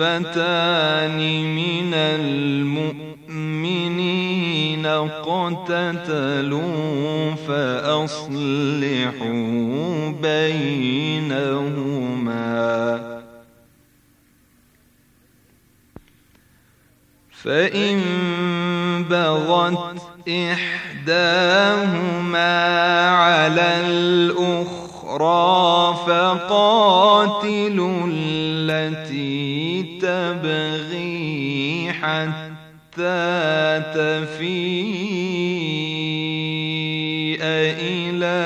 فتان من المؤمنين اقتتلوا فأصلحوا بينهما فإن بغت إحداهما على الأخرى أخرى فقاتلوا التي تبغي حتى تفيء إلى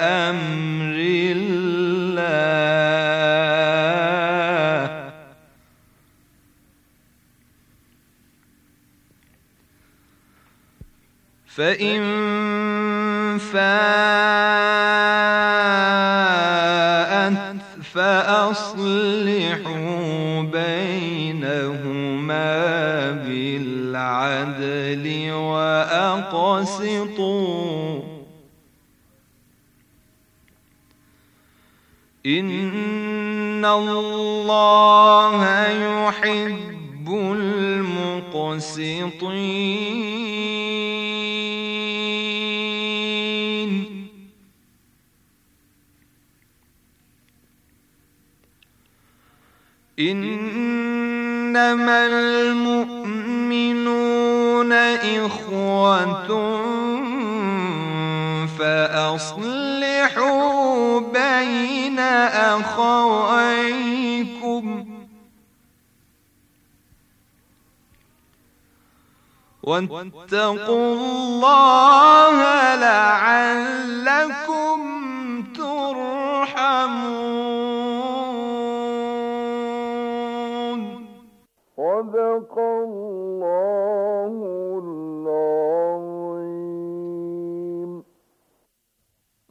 أمر الله فإن فات العدل وأقسطوا إن الله يحب المقسطين إنما المؤمنين إخوة فأصلحوا بين أخويكم واتقوا الله لعلكم ترحمون صدق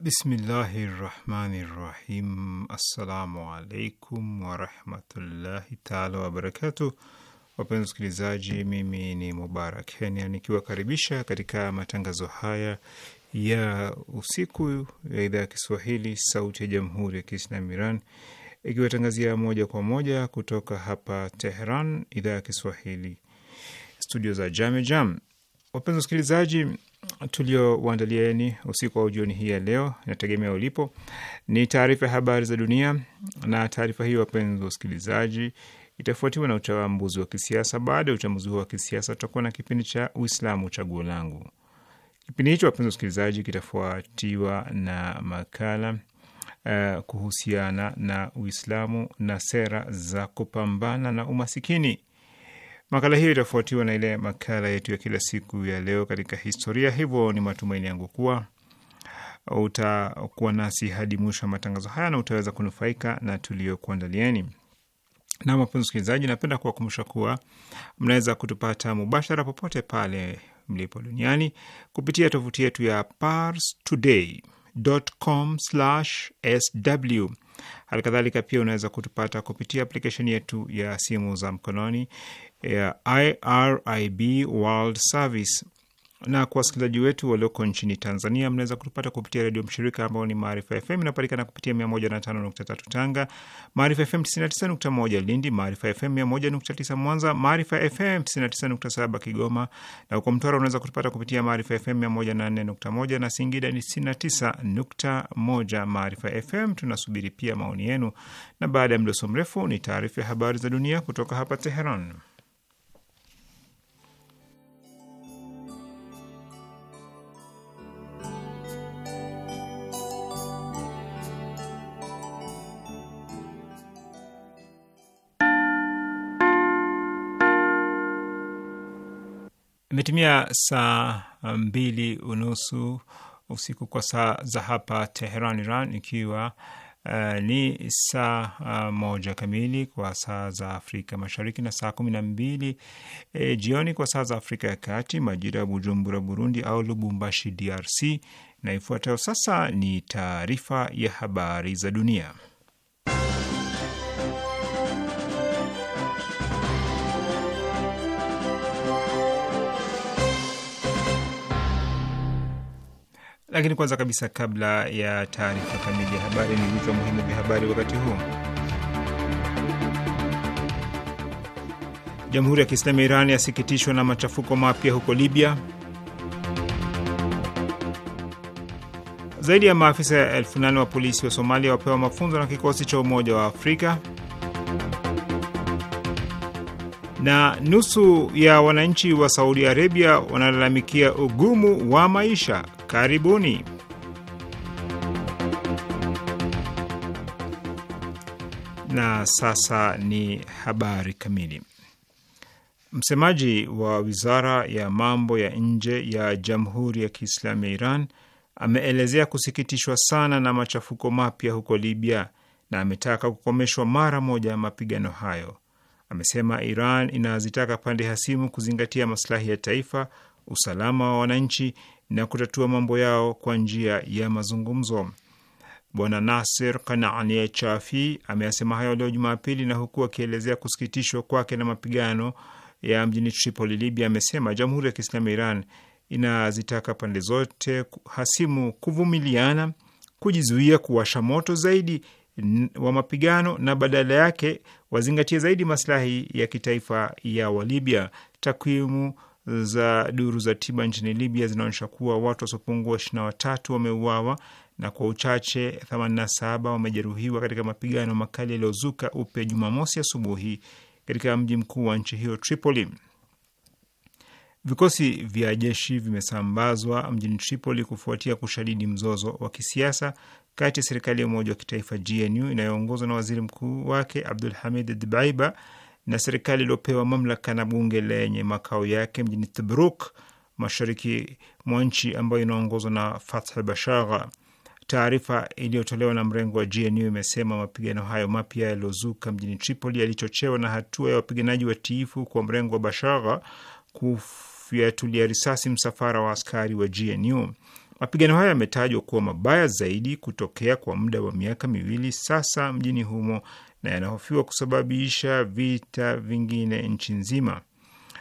Bismillahi rahmani rahim. Assalamu alaikum warahmatullahi taala wabarakatu. Wapenzi wasikilizaji, mimi ni Mubarak Kenya nikiwakaribisha katika matangazo haya ya usiku ya idhaa ya Kiswahili sauti ya jamhuri ya Kiislamu Iran ikiwatangazia moja kwa moja kutoka hapa Tehran, idhaa ya Kiswahili, studio za Jame Jam. Wapenzi wasikilizaji tuliowaandalieni usiku wa jioni hii ya leo, inategemea ulipo, ni taarifa ya habari za dunia. Na taarifa hiyo, wapenzi wa usikilizaji, itafuatiwa na uchambuzi wa kisiasa. Baada ya uchambuzi huo wa kisiasa, tutakuwa na kipindi cha Uislamu chaguo langu. Kipindi hicho, wapenzi wa usikilizaji, kitafuatiwa na makala uh, kuhusiana na Uislamu na sera za kupambana na umasikini. Makala hiyo itafuatiwa na ile makala yetu ya kila siku ya leo katika historia. Hivyo ni matumaini yangu kuwa utakuwa nasi hadi mwisho wa matangazo haya na utaweza kunufaika na tuliyokuandalieni. Na wapenzi wasikilizaji, napenda kuwakumbusha kuwa mnaweza kutupata mubashara popote pale mlipo duniani kupitia tovuti yetu ya parstoday.com/sw. Hali kadhalika pia unaweza kutupata kupitia aplikesheni yetu ya simu za mkononi ya IRIB World Service. Na kwa wasikilizaji wetu walioko nchini Tanzania, mnaweza kutupata kupitia redio mshirika ambao ni Maarifa FM, inapatikana kupitia 105.3 Tanga, Maarifa FM 99.1 Lindi, Maarifa FM 101.9 Mwanza, Maarifa FM 99.7 Kigoma, na huko Mtwara unaweza kutupata kupitia Maarifa FM 104.1 na Singida ni 99.1 Maarifa FM. Tunasubiri pia maoni yenu, na baada ya mdoso mrefu ni taarifa ya habari za dunia kutoka hapa Teheran. Imetimia saa uh, mbili unusu usiku kwa saa za hapa Teheran, Iran, ikiwa uh, ni saa uh, moja kamili kwa saa za Afrika Mashariki na saa kumi na mbili e, jioni kwa saa za Afrika ya Kati, majira ya Bujumbura, Burundi au Lubumbashi, DRC. Na ifuatayo sasa ni taarifa ya habari za dunia. Lakini kwanza kabisa, kabla ya taarifa kamili ya habari, ni vichwa muhimu vya habari wakati huu. Jamhuri ya Kiislamu ya Iran yasikitishwa na machafuko mapya huko Libya. Zaidi ya maafisa ya elfu nane wa polisi wa Somalia wapewa mafunzo na kikosi cha Umoja wa Afrika, na nusu ya wananchi wa Saudi Arabia wanalalamikia ugumu wa maisha. Karibuni. Na sasa ni habari kamili. Msemaji wa wizara ya mambo ya nje ya Jamhuri ya Kiislamu ya Iran ameelezea kusikitishwa sana na machafuko mapya huko Libya na ametaka kukomeshwa mara moja mapigano hayo. Amesema Iran inazitaka pande hasimu kuzingatia maslahi ya taifa, usalama wa wananchi na kutatua mambo yao kwa njia ya mazungumzo. Bwana Nasir Kanaani Chafi ameyasema hayo leo Jumapili, na huku akielezea kusikitishwa kwake na mapigano ya mjini Tripoli, Libya, amesema Jamhuri ya Kiislamu ya Iran inazitaka pande zote hasimu kuvumiliana, kujizuia kuwasha moto zaidi wa mapigano na badala yake wazingatie zaidi maslahi ya kitaifa ya Walibya. Takwimu za duru za tiba nchini Libya zinaonyesha kuwa watu wasiopungua ishirini na watatu wameuawa na kwa uchache 87 wamejeruhiwa katika mapigano makali yaliyozuka upya Jumamosi asubuhi katika mji mkuu wa nchi hiyo Tripoli. Vikosi vya jeshi vimesambazwa mjini Tripoli kufuatia kushadidi mzozo wa kisiasa kati ya serikali ya umoja wa kitaifa GNU inayoongozwa na waziri mkuu wake Abdul Hamid Dbaiba na serikali iliyopewa mamlaka na bunge lenye makao yake mjini Tobruk mashariki mwa nchi ambayo inaongozwa na fath Bashagha. Taarifa iliyotolewa na mrengo wa GNU imesema mapigano hayo mapya yaliyozuka mjini Tripoli yalichochewa na hatua ya wapiganaji watiifu kwa mrengo wa Bashagha kufyatulia risasi msafara wa askari wa GNU. Mapigano hayo yametajwa kuwa mabaya zaidi kutokea kwa muda wa miaka miwili sasa mjini humo na yanahofiwa kusababisha vita vingine nchi nzima.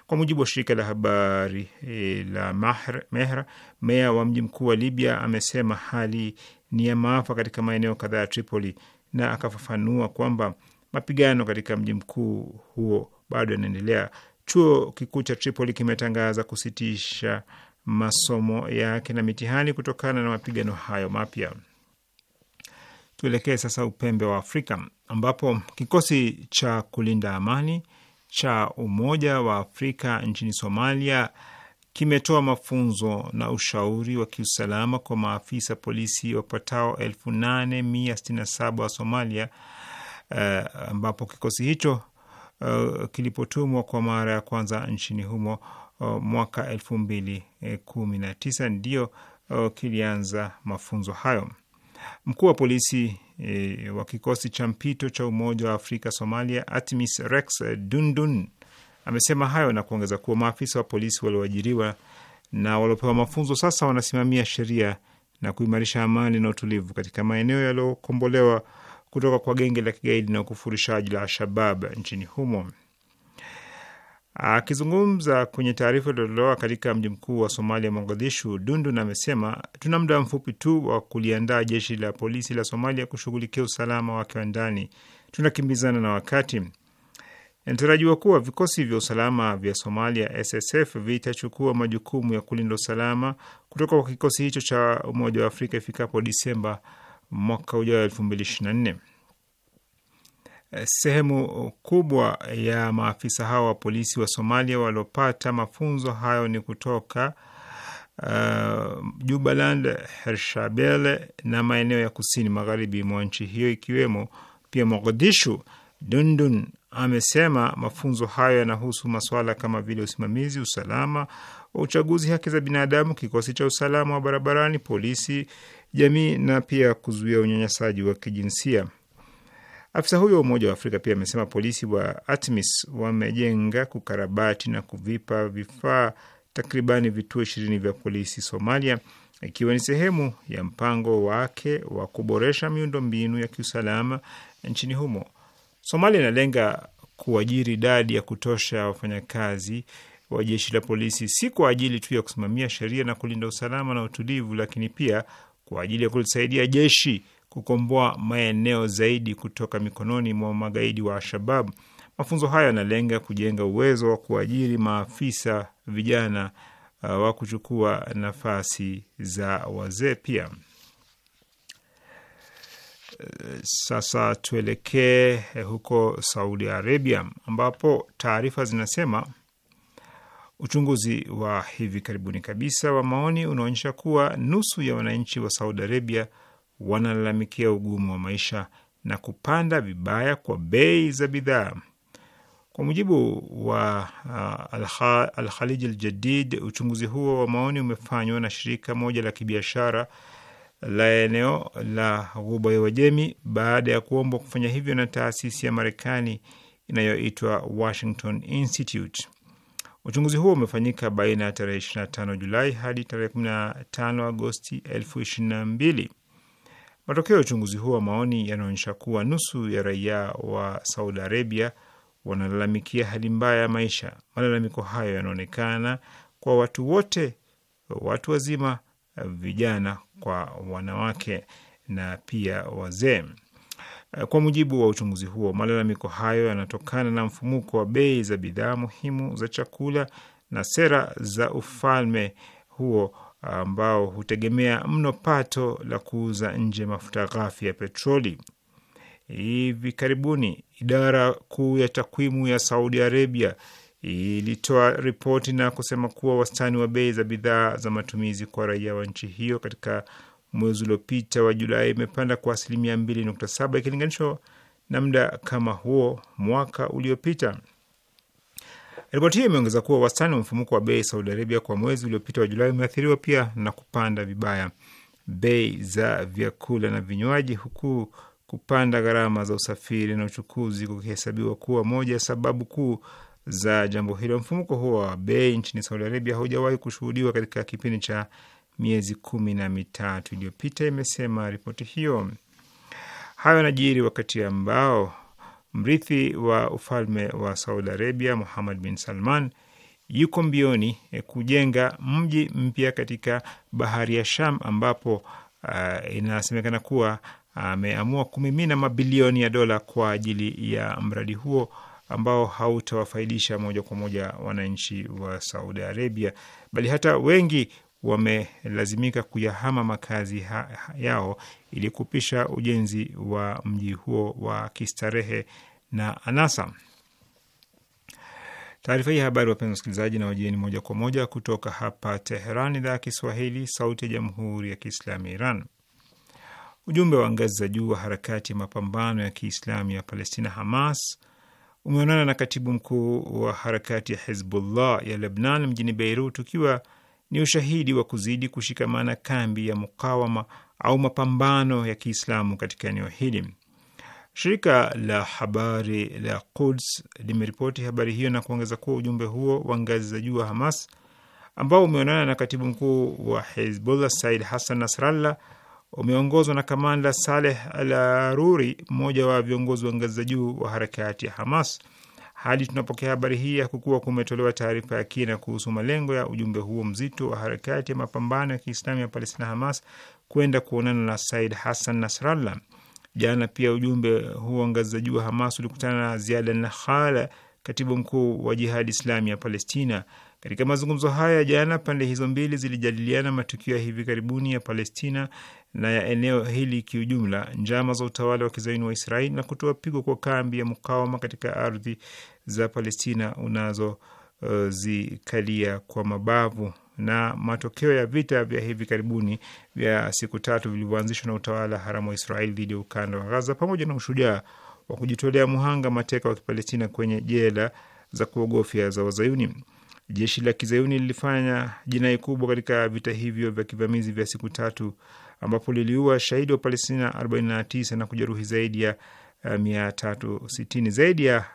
Kwa mujibu wa shirika la habari eh, la mehra mea meya wa mji mkuu wa Libya amesema hali ni ya maafa katika maeneo kadhaa ya Tripoli na akafafanua kwamba mapigano katika mji mkuu huo bado yanaendelea. Chuo kikuu cha Tripoli kimetangaza kusitisha masomo yake na mitihani kutokana na mapigano hayo mapya. Tuelekee sasa upembe wa Afrika ambapo kikosi cha kulinda amani cha Umoja wa Afrika nchini Somalia kimetoa mafunzo na ushauri wa kiusalama kwa maafisa polisi wapatao elfu wa Somalia, uh, ambapo kikosi hicho uh, kilipotumwa kwa mara ya kwanza nchini humo uh, mwaka elfu ndio uh, kilianza mafunzo hayo. Mkuu wa polisi e, wa kikosi cha mpito cha Umoja wa Afrika Somalia ATMIS Rex Dundun amesema hayo na kuongeza kuwa maafisa wa polisi walioajiriwa na waliopewa mafunzo sasa wanasimamia sheria na kuimarisha amani na utulivu katika maeneo yaliyokombolewa kutoka kwa genge la kigaidi na ukufurishaji la Al-Shabab nchini humo. Akizungumza kwenye taarifa iliyotolewa katika mji mkuu wa Somalia, Mogadishu, Dundun amesema tuna muda mfupi tu wa kuliandaa jeshi la polisi la Somalia kushughulikia usalama wake wa ndani. Tunakimbizana na wakati. Inatarajiwa kuwa vikosi vya usalama vya Somalia, SSF, vitachukua majukumu ya kulinda usalama kutoka kwa kikosi hicho cha Umoja wa Afrika ifikapo Disemba mwaka ujao 2024. Eh, sehemu kubwa ya maafisa hao wa polisi wa Somalia waliopata mafunzo hayo ni kutoka uh, Jubaland, hershabel na maeneo ya kusini magharibi mwa nchi hiyo ikiwemo pia Mogadishu. Dundun amesema mafunzo hayo yanahusu masuala kama vile usimamizi, usalama wa uchaguzi, haki za binadamu, kikosi cha usalama wa barabarani, polisi, jamii na pia kuzuia unyanyasaji wa kijinsia. Afisa huyo wa Umoja wa Afrika pia amesema polisi wa ATMIS wamejenga, kukarabati na kuvipa vifaa takribani vituo ishirini vya polisi Somalia, ikiwa ni sehemu ya mpango wake wa kuboresha miundo mbinu ya kiusalama nchini humo. Somalia inalenga kuajiri idadi ya kutosha wafanyakazi wa jeshi la polisi, si kwa ajili tu ya kusimamia sheria na kulinda usalama na utulivu, lakini pia kwa ajili ya kulisaidia jeshi kukomboa maeneo zaidi kutoka mikononi mwa magaidi wa Al-Shabab. Mafunzo haya yanalenga kujenga uwezo wa kuajiri maafisa vijana uh, wa kuchukua nafasi za wazee pia. Sasa tuelekee eh, huko Saudi Arabia, ambapo taarifa zinasema uchunguzi wa hivi karibuni kabisa wa maoni unaonyesha kuwa nusu ya wananchi wa Saudi Arabia wanalalamikia ugumu wa maisha na kupanda vibaya kwa bei za bidhaa. Kwa mujibu wa uh, Alkhalij Aljadid, uchunguzi huo wa maoni umefanywa na shirika moja la kibiashara la eneo la Ghuba ya Uajemi baada ya kuombwa kufanya hivyo na taasisi ya Marekani inayoitwa Washington Institute. Uchunguzi huo umefanyika baina ya tarehe 25 Julai hadi tarehe 15 Agosti 2022. Matokeo ya uchunguzi huo wa maoni yanaonyesha kuwa nusu ya raia wa Saudi Arabia wanalalamikia hali mbaya ya maisha. Malalamiko hayo yanaonekana kwa watu wote, watu wazima, vijana kwa wanawake na pia wazee. Kwa mujibu wa uchunguzi huo, malalamiko hayo yanatokana na mfumuko wa bei za bidhaa muhimu za chakula na sera za ufalme huo ambao hutegemea mno pato la kuuza nje mafuta ghafi ya petroli. Hivi karibuni idara kuu ya takwimu ya Saudi Arabia ilitoa ripoti na kusema kuwa wastani wa bei za bidhaa za matumizi kwa raia wa nchi hiyo katika mwezi uliopita wa Julai imepanda kwa asilimia 2.7 ikilinganishwa na muda kama huo mwaka uliopita. Ripoti hiyo imeongeza kuwa wastani wa mfumuko wa bei Saudi Arabia kwa mwezi uliopita wa Julai umeathiriwa pia na kupanda vibaya bei za vyakula na vinywaji, huku kupanda gharama za usafiri na uchukuzi kukihesabiwa kuwa moja ya sababu kuu za jambo hilo. Mfumuko huo wa bei nchini Saudi Arabia haujawahi kushuhudiwa katika kipindi cha miezi kumi na mitatu iliyopita, imesema ripoti hiyo. Hayo yanajiri wakati ambao Mrithi wa ufalme wa Saudi Arabia Muhammad bin Salman yuko mbioni eh, kujenga mji mpya katika bahari ya Sham ambapo uh, inasemekana kuwa ameamua uh, kumimina mabilioni ya dola kwa ajili ya mradi huo ambao hautawafaidisha moja kwa moja wananchi wa Saudi Arabia bali hata wengi wamelazimika kuyahama makazi yao ili kupisha ujenzi wa mji huo wa kistarehe na anasa. Taarifa hii habari, wapenzi wasikilizaji, na wajieni moja kwa moja kutoka hapa Teheran, idhaa ya Kiswahili, sauti ya jamhuri ya kiislamu ya Iran. Ujumbe wa ngazi za juu wa harakati ya mapambano ya kiislamu ya Palestina, Hamas, umeonana na katibu mkuu wa harakati ya Hizbullah ya Lebnan mjini Beirut ukiwa ni ushahidi wa kuzidi kushikamana kambi ya mukawama au mapambano ya Kiislamu katika eneo hili. Shirika la habari la Quds limeripoti habari hiyo na kuongeza kuwa ujumbe huo wa ngazi za juu wa Hamas ambao umeonana na katibu mkuu wa Hezbollah Said Hassan Nasrallah umeongozwa na kamanda Saleh Al Aruri, mmoja wa viongozi wa ngazi za juu wa harakati ya Hamas. Hadi tunapokea habari hii ya kumetolewa taarifa ya kina kuhusu malengo ya ujumbe huo mzito wa harakati ya mapambano ya Kiislamu ya Palestina, Hamas, kwenda kuonana na Said Hassan Nasrallah. Jana pia ujumbe huo ngazi za juu wa Hamas ulikutana na Ziada Nakhala, katibu mkuu wa Jihadi Islami ya Palestina. Katika mazungumzo haya jana, pande hizo mbili zilijadiliana matukio ya hivi karibuni ya Palestina na ya eneo hili kiujumla, njama za utawala wa kizaini wa Israeli na kutoa pigo kwa kambi ya mukawama katika ardhi za Palestina unazozikalia uh, kwa mabavu na matokeo ya vita vya hivi karibuni vya siku tatu vilivyoanzishwa na utawala haramu wa Israeli dhidi ya ukanda wa Gaza pamoja na ushujaa wa kujitolea muhanga mateka wa Kipalestina kwenye jela za kuogofya za Wazayuni. Jeshi la kizayuni lilifanya jinai kubwa katika vita hivyo vya kivamizi vya siku tatu, ambapo liliua shahidi wa Palestina 49 na kujeruhi zaidi ya uh, 360. Zaidi ya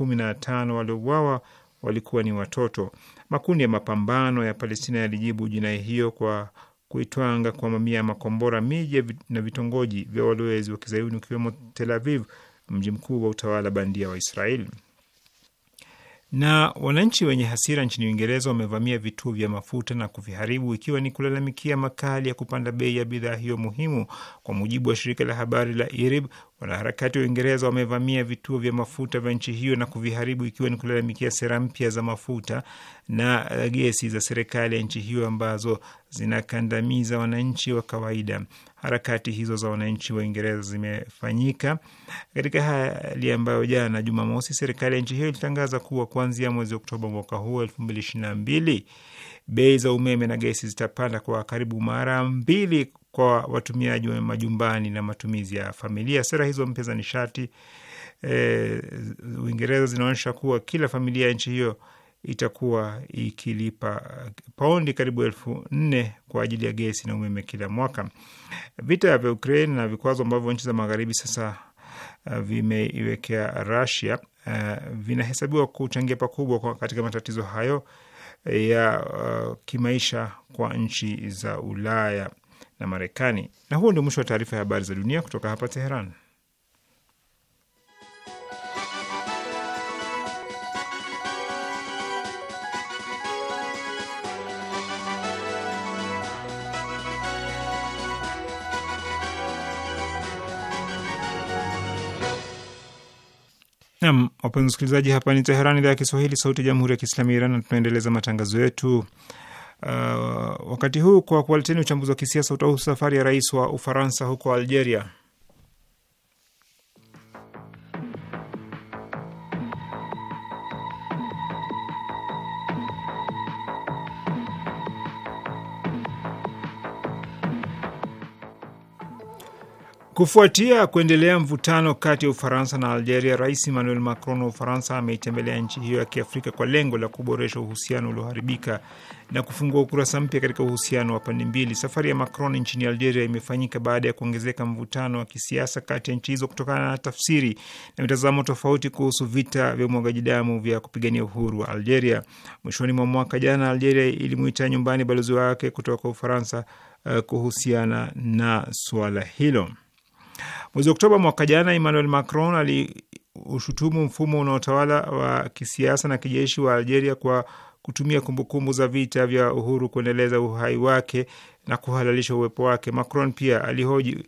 uh, na tano waliouawa walikuwa ni watoto. Makundi ya mapambano ya Palestina yalijibu jinai hiyo kwa kuitwanga kwa mamia ya makombora miji na vitongoji vya walowezi wa kizayuni ukiwemo Tel Aviv, mji mkuu wa utawala bandia wa Israeli. Na wananchi wenye hasira nchini Uingereza wamevamia vituo vya mafuta na kuviharibu ikiwa ni kulalamikia makali ya kupanda bei ya bidhaa hiyo muhimu. Kwa mujibu wa shirika la habari la IRIB, wanaharakati wa Uingereza wamevamia vituo vya mafuta vya nchi hiyo na kuviharibu ikiwa ni kulalamikia sera mpya za mafuta na eh, gesi za serikali ya nchi hiyo ambazo zinakandamiza wananchi wa kawaida harakati hizo za wananchi wa Uingereza zimefanyika katika hali ambayo jana Jumamosi serikali ya nchi hiyo ilitangaza kuwa kuanzia mwezi Oktoba mwaka huu elfu mbili ishirini na mbili bei za umeme na gesi zitapanda kwa karibu mara mbili kwa watumiaji wa majumbani na matumizi ya familia. Sera hizo mpya za nishati e, Uingereza zinaonyesha kuwa kila familia ya nchi hiyo itakuwa ikilipa paundi karibu elfu nne kwa ajili ya gesi na umeme kila mwaka. Vita vya Ukraine na vikwazo ambavyo nchi za magharibi sasa uh, vimeiwekea Russia uh, vinahesabiwa kuchangia pakubwa katika matatizo hayo ya uh, kimaisha kwa nchi za Ulaya na Marekani. Na huo ndio mwisho wa taarifa ya habari za dunia kutoka hapa Teheran. Nam, wapenzi msikilizaji, hapa ni Teherani, idhaa ya Kiswahili, sauti ya jamhuri ya kiislamu ya Iran, na tunaendeleza matangazo yetu uh, wakati huu kwa kuwaleteni uchambuzi wa kisiasa utahusu safari ya rais wa Ufaransa huko Algeria. Kufuatia kuendelea mvutano kati ya Ufaransa na Algeria, Rais Emmanuel Macron wa Ufaransa ameitembelea nchi hiyo ya Kiafrika kwa lengo la kuboresha uhusiano ulioharibika na kufungua ukurasa mpya katika uhusiano wa pande mbili. Safari ya Macron nchini Algeria imefanyika baada ya kuongezeka mvutano wa kisiasa kati ya nchi hizo kutokana na tafsiri na mitazamo tofauti kuhusu vita vya umwagaji damu vya kupigania uhuru wa Algeria. Mwishoni mwa mwaka jana, Algeria ilimuita nyumbani balozi wake kutoka Ufaransa uh, kuhusiana na suala hilo. Mwezi Oktoba mwaka jana, Emmanuel Macron aliushutumu mfumo unaotawala wa kisiasa na kijeshi wa Algeria kwa kutumia kumbukumbu za vita vya uhuru kuendeleza uhai wake na kuhalalisha uwepo wake. Macron pia alihoji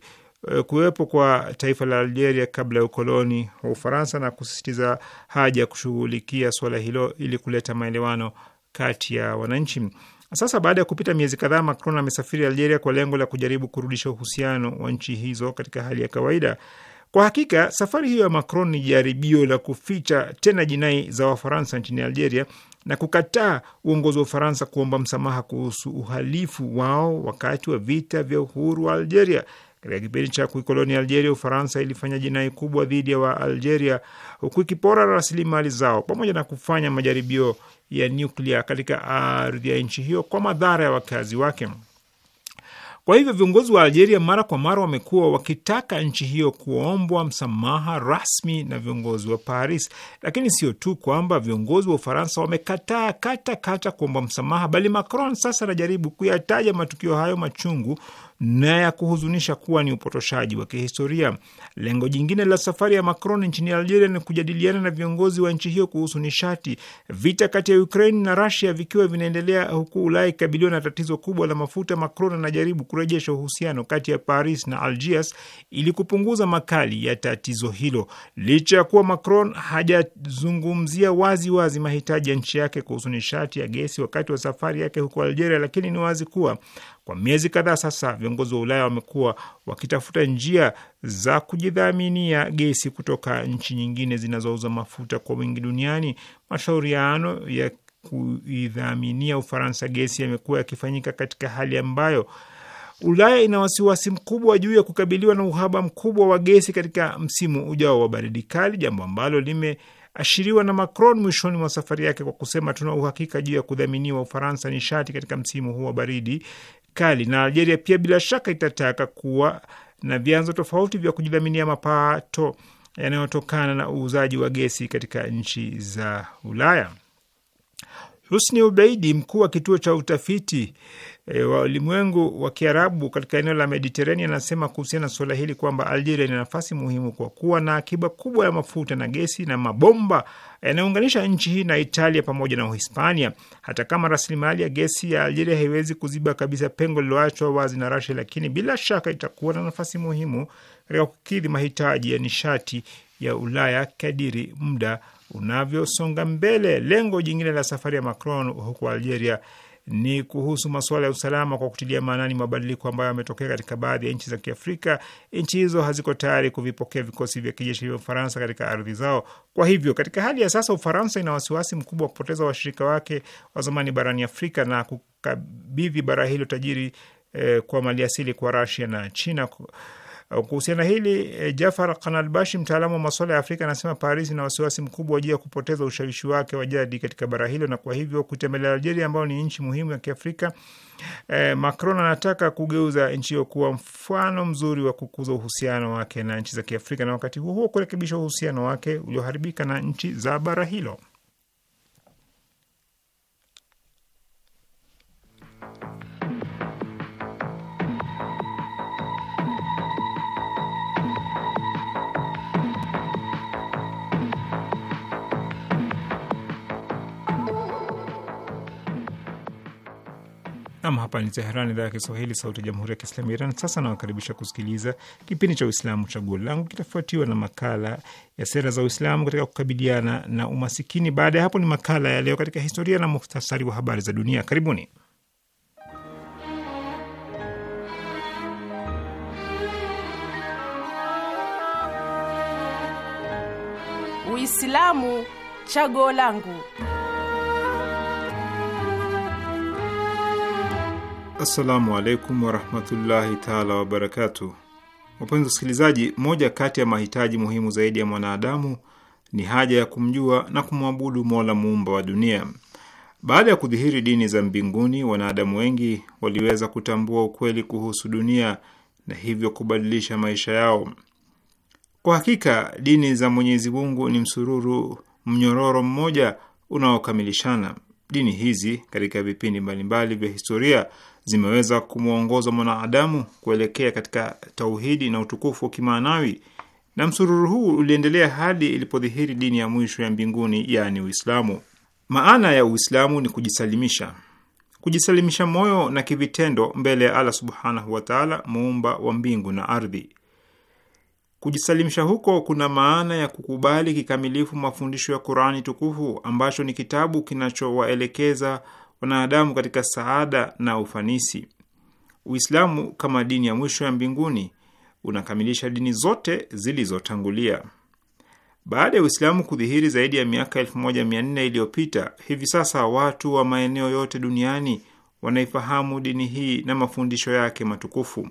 eh, kuwepo kwa taifa la Algeria kabla ya ukoloni wa Ufaransa na kusisitiza haja ya kushughulikia suala hilo ili kuleta maelewano kati ya wananchi. Sasa baada ya kupita miezi kadhaa, Macron amesafiri Algeria kwa lengo la kujaribu kurudisha uhusiano wa nchi hizo katika hali ya kawaida. Kwa hakika safari hiyo ya Macron ni jaribio la kuficha tena jinai za Wafaransa nchini Algeria na kukataa uongozi wa Ufaransa kuomba msamaha kuhusu uhalifu wao wakati wa vita vya uhuru wa Algeria. Katika kipindi cha kuikoloni Algeria, Ufaransa ilifanya jinai kubwa dhidi ya Waalgeria huku ikipora rasilimali zao pamoja na kufanya majaribio ya nyuklia katika ardhi ya nchi hiyo kwa madhara ya wakazi wake. Kwa hivyo viongozi wa Algeria mara kwa mara wamekuwa wakitaka nchi hiyo kuombwa msamaha rasmi na viongozi wa Paris. Lakini sio tu kwamba viongozi wa Ufaransa wamekataa kata kata kuomba msamaha, bali Macron sasa anajaribu kuyataja matukio hayo machungu na ya kuhuzunisha kuwa ni upotoshaji wa kihistoria. Lengo jingine la safari ya Macron nchini Algeria ni kujadiliana na viongozi wa nchi hiyo kuhusu nishati. Vita kati ya Ukraine na rasia vikiwa vinaendelea huku Ulaya ikikabiliwa na tatizo kubwa la mafuta, Macron anajaribu kurejesha uhusiano kati ya Paris na Algiers ili kupunguza makali ya tatizo hilo, licha ya kuwa Macron hajazungumzia wazi wazi mahitaji ya nchi yake kuhusu nishati ya gesi wakati wa safari yake huko Algeria, lakini ni wazi kuwa kwa miezi kadhaa sasa, viongozi wa Ulaya wamekuwa wakitafuta njia za kujidhaminia gesi kutoka nchi nyingine zinazouza mafuta kwa wingi duniani. Mashauriano ya kuidhaminia Ufaransa gesi yamekuwa yakifanyika katika hali ambayo Ulaya ina wasiwasi mkubwa juu ya kukabiliwa na uhaba mkubwa wa gesi katika msimu ujao wa baridi kali, jambo ambalo lime ashiriwa na Macron mwishoni mwa safari yake kwa kusema, tuna uhakika juu ya kudhaminiwa Ufaransa nishati katika msimu huu wa baridi kali, na Algeria pia bila shaka itataka kuwa na vyanzo tofauti vya kujidhaminia mapato yanayotokana na uuzaji wa gesi katika nchi za Ulaya. Husni Ubeidi, mkuu wa kituo cha utafiti e, wa ulimwengu wa Kiarabu katika eneo la Mediterranean, anasema kuhusiana na suala hili kwamba Algeria ina nafasi muhimu kwa kuwa na akiba kubwa ya mafuta na gesi na mabomba yanayounganisha nchi hii na Italia pamoja na Uhispania, hata kama rasilimali ya gesi ya Algeria haiwezi kuziba kabisa pengo lililoachwa wazi na Rasia, lakini bila shaka itakuwa na nafasi muhimu katika kukidhi mahitaji ya nishati ya Ulaya kadiri muda unavyosonga mbele. Lengo jingine la safari ya Macron huko Algeria ni kuhusu masuala ya usalama kwa kutilia maanani mabadiliko ambayo yametokea katika baadhi ya nchi za Kiafrika. Nchi hizo haziko tayari kuvipokea vikosi vya kijeshi vya Ufaransa katika ardhi zao. Kwa hivyo, katika hali ya sasa, Ufaransa ina wasiwasi mkubwa wa kupoteza washirika wake wa zamani barani Afrika na kukabidhi bara hilo tajiri eh, kwa maliasili kwa Rasia na China Uh, kuhusiana hili, eh, Jafar Kanalbashi, mtaalamu wa masuala ya Afrika, anasema Paris ina wasiwasi mkubwa juu ya kupoteza ushawishi wake wa jadi katika bara hilo, na kwa hivyo kutembelea Algeria ambayo ni nchi muhimu ya Kiafrika. E, Macron anataka kugeuza nchi hiyo kuwa mfano mzuri wa kukuza uhusiano wake na nchi za Kiafrika na wakati huo huo kurekebisha uhusiano wake ulioharibika na nchi za bara hilo. Nam, hapa ni Teheran, idhaa ya Kiswahili, sauti ya jamhuri ya kiislamu Iran. Sasa nawakaribisha kusikiliza kipindi cha Uislamu Chaguo Langu, kitafuatiwa na makala ya sera za Uislamu katika kukabiliana na umasikini. Baada ya hapo ni makala ya leo katika historia na muhtasari wa habari za dunia. Karibuni. Uislamu Chaguo Langu. Assalamu alaikum warahmatullahi taala wabarakatu. Wapenzi wasikilizaji, moja kati ya mahitaji muhimu zaidi ya mwanadamu ni haja ya kumjua na kumwabudu Mola muumba wa dunia. Baada ya kudhihiri dini za mbinguni, wanadamu wengi waliweza kutambua ukweli kuhusu dunia na hivyo kubadilisha maisha yao. Kwa hakika dini za Mwenyezi Mungu ni msururu, mnyororo mmoja unaokamilishana. Dini hizi katika vipindi mbalimbali vya historia zimeweza kumwongoza mwanadamu kuelekea katika tauhidi na utukufu wa kimaanawi, na msururu huu uliendelea hadi ilipodhihiri dini ya mwisho ya mbinguni, yaani Uislamu. Maana ya Uislamu ni kujisalimisha, kujisalimisha moyo na kivitendo mbele ya Allah subhanahu wataala, muumba wa mbingu na ardhi. Kujisalimisha huko kuna maana ya kukubali kikamilifu mafundisho ya Qurani tukufu ambacho ni kitabu kinachowaelekeza wanadamu katika saada na ufanisi. Uislamu kama dini ya mwisho ya mbinguni unakamilisha dini zote zilizotangulia. Baada ya Uislamu kudhihiri zaidi ya miaka 14 iliyopita, hivi sasa watu wa maeneo yote duniani wanaifahamu dini hii na mafundisho yake matukufu.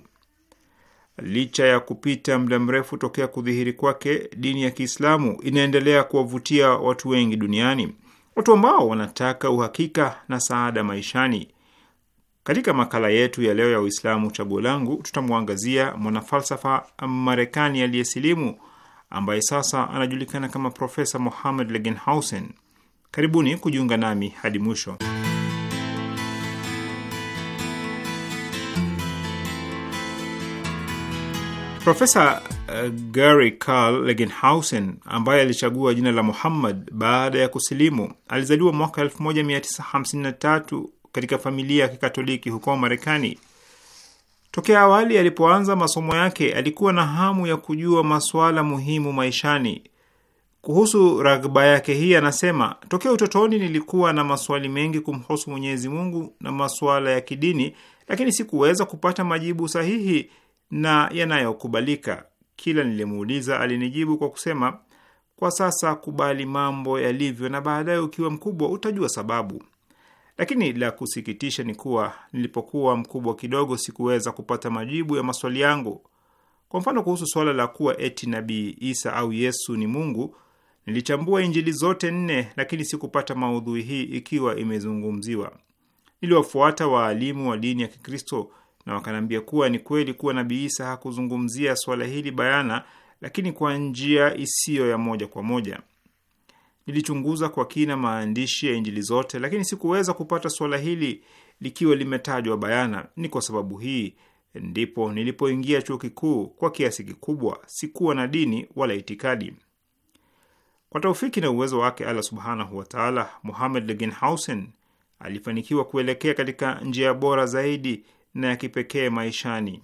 Licha ya kupita muda mrefu tokea kudhihiri kwake, dini ya Kiislamu inaendelea kuwavutia watu wengi duniani watu ambao wanataka uhakika na saada maishani. Katika makala yetu ya leo ya Uislamu chaguo langu, tutamwangazia mwanafalsafa Marekani aliyesilimu ambaye sasa anajulikana kama Profesa Mohammed Legenhausen. Karibuni kujiunga nami hadi mwisho. Profesa eh, Gary Carl Legenhausen ambaye alichagua jina la Muhammad baada ya kusilimu alizaliwa mwaka 1953 katika familia ya Kikatoliki huko Marekani. Tokea awali alipoanza masomo yake alikuwa na hamu ya kujua masuala muhimu maishani. Kuhusu ragba yake hii anasema, tokea utotoni nilikuwa na maswali mengi kumhusu Mwenyezi Mungu na masuala ya kidini, lakini sikuweza kupata majibu sahihi na yanayokubalika. Kila nilimuuliza alinijibu kwa kusema, kwa sasa kubali mambo yalivyo, na baadaye ukiwa mkubwa utajua sababu. Lakini la kusikitisha ni kuwa nilipokuwa mkubwa kidogo, sikuweza kupata majibu ya maswali yangu. Kwa mfano, kuhusu suala la kuwa eti Nabii Isa au Yesu ni Mungu, nilichambua Injili zote nne, lakini sikupata maudhui hii ikiwa imezungumziwa. Niliwafuata waalimu wa dini ya Kikristo na wakanambia kuwa ni kweli kuwa Nabii Isa hakuzungumzia swala hili bayana, lakini kwa njia isiyo ya moja kwa moja. Nilichunguza kwa kina maandishi ya Injili zote, lakini sikuweza kupata swala hili likiwa limetajwa bayana. Ni kwa sababu hii ndipo nilipoingia chuo kikuu. Kwa kiasi kikubwa sikuwa na dini wala itikadi. Kwa taufiki na uwezo wake Allah subhanahu wataala, Muhammad Legenhausen alifanikiwa kuelekea katika njia bora zaidi na ya kipekee maishani.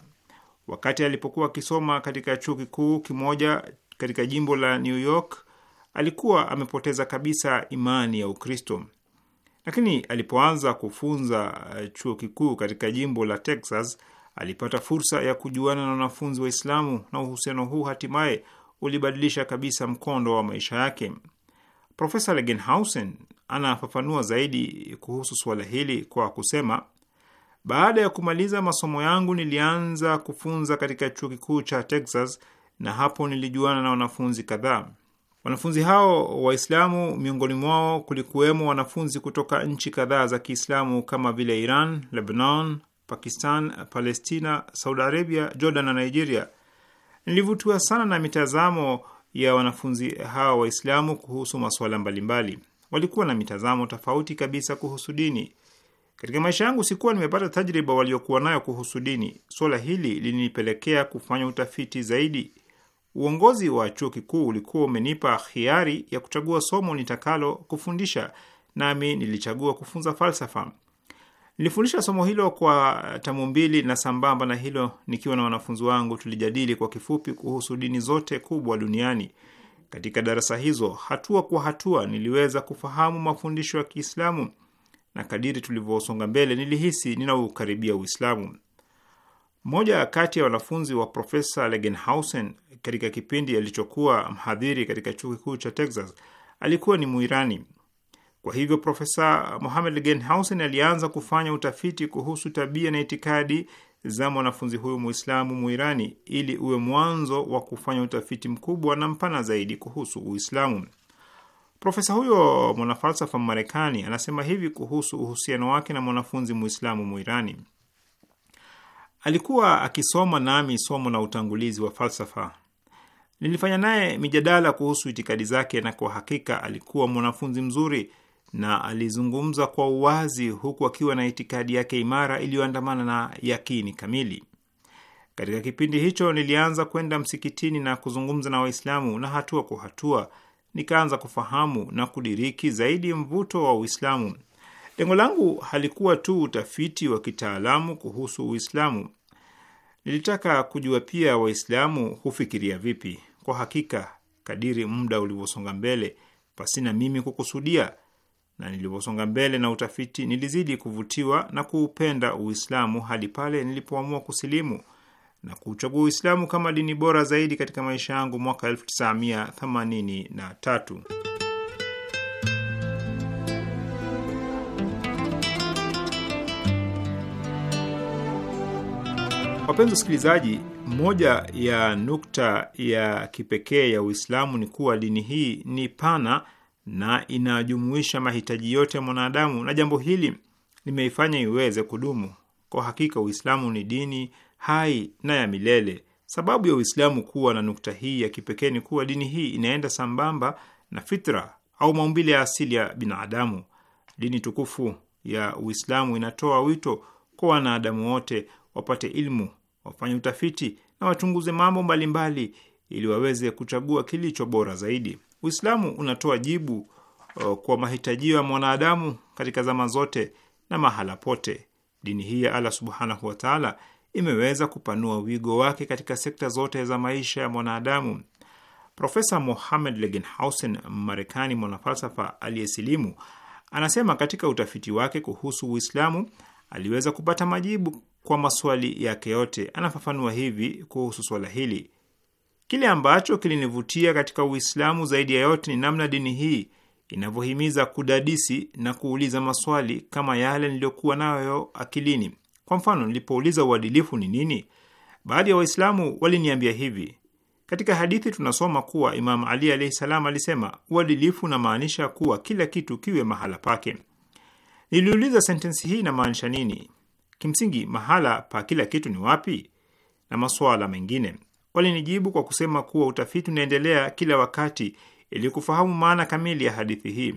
Wakati alipokuwa akisoma katika chuo kikuu kimoja katika jimbo la New York, alikuwa amepoteza kabisa imani ya Ukristo, lakini alipoanza kufunza eh, chuo kikuu katika jimbo la Texas, alipata fursa ya kujuana na wanafunzi wa islamu na uhusiano huu hatimaye ulibadilisha kabisa mkondo wa maisha yake. Profesa Legenhausen anafafanua zaidi kuhusu suala hili kwa kusema baada ya kumaliza masomo yangu, nilianza kufunza katika chuo kikuu cha Texas na hapo nilijuana na wanafunzi kadhaa. Wanafunzi hao Waislamu, miongoni mwao kulikuwemo wanafunzi kutoka nchi kadhaa za Kiislamu kama vile Iran, Lebanon, Pakistan, Palestina, Saudi Arabia, Jordan na Nigeria. Nilivutiwa sana na mitazamo ya wanafunzi hawa Waislamu kuhusu masuala mbalimbali. Walikuwa na mitazamo tofauti kabisa kuhusu dini. Katika maisha yangu sikuwa nimepata tajriba waliokuwa nayo kuhusu dini. Suala hili lilinipelekea kufanya utafiti zaidi. Uongozi wa chuo kikuu ulikuwa umenipa hiari ya kuchagua somo nitakalo kufundisha, nami nilichagua kufunza falsafa. Nilifundisha somo hilo kwa tamu mbili, na sambamba na hilo, nikiwa na wanafunzi wangu, tulijadili kwa kifupi kuhusu dini zote kubwa duniani. Katika darasa hizo, hatua kwa hatua, niliweza kufahamu mafundisho ya Kiislamu na kadiri tulivyosonga mbele nilihisi ninaukaribia Uislamu. Mmoja kati ya wanafunzi wa Profesa Legenhausen katika kipindi alichokuwa mhadhiri katika chuo kikuu cha Texas alikuwa ni muirani Kwa hivyo, Profesa Mohamed Legenhausen alianza kufanya utafiti kuhusu tabia na itikadi za mwanafunzi huyu Muislamu muirani ili uwe mwanzo wa kufanya utafiti mkubwa na mpana zaidi kuhusu Uislamu. Profesa huyo mwanafalsafa marekani anasema hivi kuhusu uhusiano wake na mwanafunzi Muislamu Muirani: alikuwa akisoma nami somo la utangulizi wa falsafa. Nilifanya naye mijadala kuhusu itikadi zake, na kwa hakika alikuwa mwanafunzi mzuri na alizungumza kwa uwazi, huku akiwa na itikadi yake imara iliyoandamana na yakini kamili. Katika kipindi hicho nilianza kwenda msikitini na kuzungumza na Waislamu, na hatua kwa hatua nikaanza kufahamu na kudiriki zaidi mvuto wa Uislamu. Lengo langu halikuwa tu utafiti wa kitaalamu kuhusu Uislamu. Nilitaka kujua pia Waislamu hufikiria vipi. Kwa hakika, kadiri muda ulivyosonga mbele, pasina mimi kukusudia, na nilivyosonga mbele na utafiti, nilizidi kuvutiwa na kuupenda Uislamu hadi pale nilipoamua kusilimu na kuuchagua Uislamu kama dini bora zaidi katika maisha yangu mwaka 1983. Wapenzi wasikilizaji, moja ya nukta ya kipekee ya Uislamu ni kuwa dini hii ni pana na inajumuisha mahitaji yote ya mwanadamu, na jambo hili limeifanya iweze kudumu. Kwa hakika Uislamu ni dini hai na ya milele. Sababu ya Uislamu kuwa na nukta hii ya kipekee ni kuwa dini hii inaenda sambamba na fitra au maumbile ya asili ya binadamu. Dini tukufu ya Uislamu inatoa wito kwa wanadamu wote wapate ilmu, wafanye utafiti na wachunguze mambo mbalimbali ili waweze kuchagua kilicho bora zaidi. Uislamu unatoa jibu kwa mahitajio ya mwanadamu katika zama zote na mahala pote. Dini hii ya Allah subhanahu wataala imeweza kupanua wigo wake katika sekta zote za maisha ya mwanadamu. Profesa Mohamed Legenhausen, Marekani, mwanafalsafa aliyesilimu, anasema katika utafiti wake kuhusu Uislamu aliweza kupata majibu kwa maswali yake yote. Anafafanua hivi kuhusu swala hili: kile ambacho kilinivutia katika Uislamu zaidi ya yote ni namna dini hii inavyohimiza kudadisi na kuuliza maswali kama yale niliyokuwa nayo akilini. Kwa mfano, nilipouliza uadilifu ni nini, baadhi ya Waislamu waliniambia hivi: katika hadithi tunasoma kuwa Imam Ali alaihi salam alisema, uadilifu unamaanisha kuwa kila kitu kiwe mahala pake. Niliuliza, sentensi hii inamaanisha nini? Kimsingi, mahala pa kila kitu ni wapi? na masuala mengine. Walinijibu kwa kusema kuwa utafiti unaendelea kila wakati ili kufahamu maana kamili ya hadithi hii.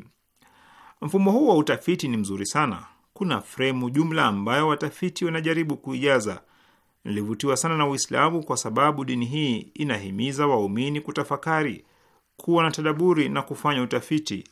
Mfumo huu wa utafiti ni mzuri sana kuna fremu jumla ambayo watafiti wanajaribu kuijaza. Nilivutiwa sana na Uislamu kwa sababu dini hii inahimiza waumini kutafakari, kuwa na tadaburi na kufanya utafiti.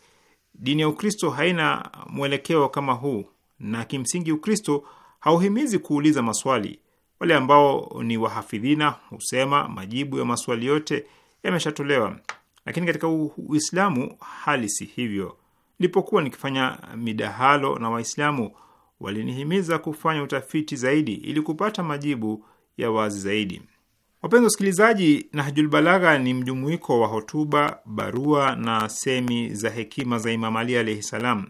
Dini ya Ukristo haina mwelekeo kama huu, na kimsingi Ukristo hauhimizi kuuliza maswali. Wale ambao ni wahafidhina husema majibu ya maswali yote yameshatolewa, lakini katika Uislamu hali si hivyo. Nilipokuwa nikifanya midahalo na Waislamu, walinihimiza kufanya utafiti zaidi ili kupata majibu ya wazi zaidi. Wapenzi wasikilizaji, Nahjul Balagha ni mjumuiko wa hotuba, barua na semi za hekima za Imam Ali alaihi salam.